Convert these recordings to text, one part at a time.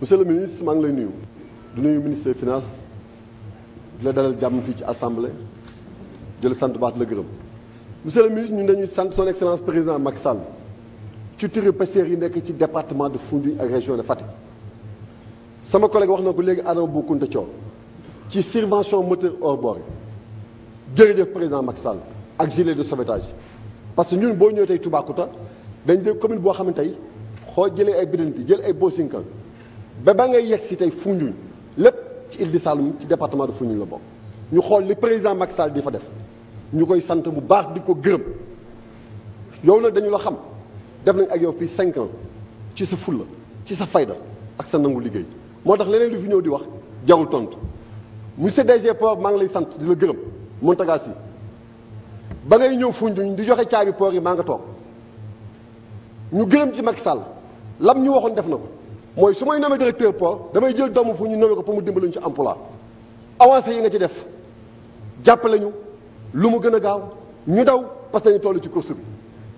monsieur le ministre maa ngi lay nuyu. du nuyu ministre des finances la dalal jàmm fii ci assemblée di la sant baax la gërëm. monsieur le ministre ñun dañuy sant son excellence président Macky Sall ci turu pêcheurs yi nekk ci département de Foundiougne ak région de Fatick. sama collègue wax na ko léegi Adama Boukounta Thior ci survention moteur hors bord jërëjëf président Macky ak gilet de sauvetage parce que ñun boo ñëwee tey Toubacouta dañ dégg commune boo xam ne tey xool jëlee ay bidonti jël ay Bosinkan. ba ba ngay yegg si tey Foundiougne lépp ci Île du Saloum ci département de Foundiougne la bokk ñu xool li président Macky saal di fa def ñu koy sant bu baax di ko gërëm yow nag dañu la xam def nañ ak yow fii cinq ans ci sa fulla ci sa fayda ak sa nangu liggéey moo tax leneen lu fi ñëw di wax jarul tontu monsieur DG Port maa ngi lay sant di la gërëm Mountaga Sy ba ngay ñëw Foundiougne di joxe caabi port yi maa nga toog ñu gërëm ci Macky Sall lam ñu waxoon def na ko mooy su may nommé directeur port damay jël doomu fu ñu nommé ko pour mu dimbaluñu ci emploi avancé yi nga ci def jàppale ñu lu mu gën a gaaw ñu daw parce que ñu toll ci course bi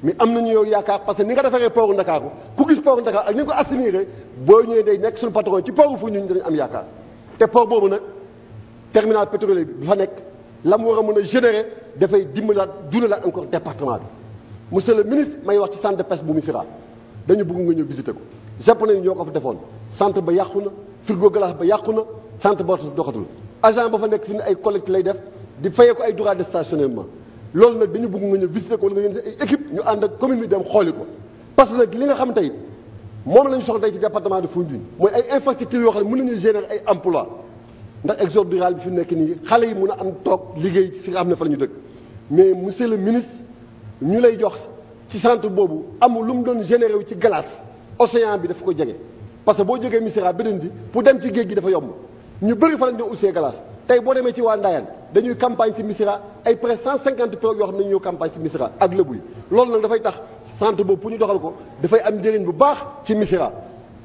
mais am nañu yow yaakaar parce que ni nga defaree port Ndakaaru ku gis port Ndakaaru ak ni nga ko assimilé boo ñëwee day nekk suñu patron ci port fu ñu dañu am yaakaar te port boobu nag terminal pétrolier bi fa nekk la mu war a mën a générer dafay dimbalaat dundalaat encore département bi monsieur le ministre may wax ci centre de pêche bu Missirah dañu bëgg nga ñëw visiter ko. japonais yi ñoo ko fa defoon centre ba yàqu na frigo glace ba yàqu na centre ba doxatul agent ba fa nekk fi ne ay collecte lay def di fayee ko ay droit de stationnement loolu nag dañu bëgg nga ñëw visiter ko wala nga ñëw ay équipe ñu ànd ak commune bi dem xooli ko parce que nag li nga xam tey moom la ñu soxla tey ci département de Foundiougne mooy ay infrastructures yoo xam ne mën nañu générer rural bi fi nekk nii xale yi mën a am toog liggéey si nga xam ne fa la ñu dëkk mais monsieur le ministre ñu lay jox ci centre boobu amul lu mu doon généré wu ci glace océan bi dafa ko jege parce que boo jógee Missirah beneen bi pour dem ci géej gi dafa yomb ñu bëri fa lañ doon ussee glace tey boo demee ci waa Ndayane dañuy campagne si Missirah ay près 150 pirogues yoo xam ne ñoo campagne si Missirah ak Lebu yi loolu nag dafay tax centre boobu pour ñu doxal ko dafay am njëriñ bu baax ci mun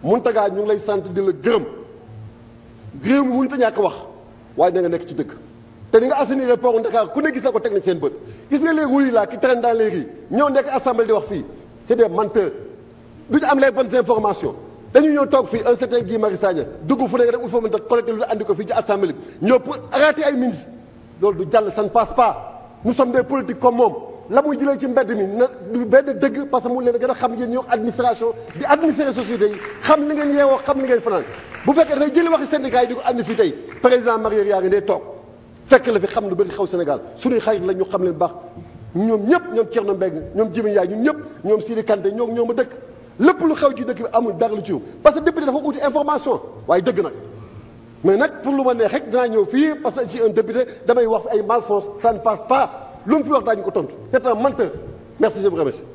Mountaga ñu ngi lay sant di la gërëm réew mi mënut a ñàkk wax waaye da nga nekk ci dëkk te ni nga assainir port Dakar ku ne gis na ko teg nañ seen bët gis nga les roues yi là qui traînent dans les rues di wax fii c'est des menteurs du ñu am les bonnes informations dañu ñëw toog fii un certain Guy Marius Sagna dugg fu nekk rek il faut mën a collecté lu andi ko fii ci assemblée ñëw pour arrêter ay du jàll ça passe pas nous sommes des politiques comme moom la muy jëlee ci mbedd mi na du benn dëgg parce que mu leen gën a xam yéen ñoo administration di administrer société yi xam li ngeen yeewoo xam li ngeen fanaan bu fekkee dafay jëli waxi syndicat yi di ko andi fii tey président Marière yaa ngi ne toog fekk la fi xam lu bëgg xaw Sénégal suñuy xarit la ñu xam leen ñoom ñëpp ñoom ñëpp ñoom Sidi Kanté ñoo ñoo ma dëkk lépp lu xew ci dëkk bi amul dara lu ci yow parce que député dafa uti information waaye dëgg nag mais nag pour lu ma neex rek dinaa ñëw fii parce que ci un député damay wax fi ay malfaçons ça ne passe pas lu mu fi wax daañu ko tontu c'est un menteur merci je vous remercie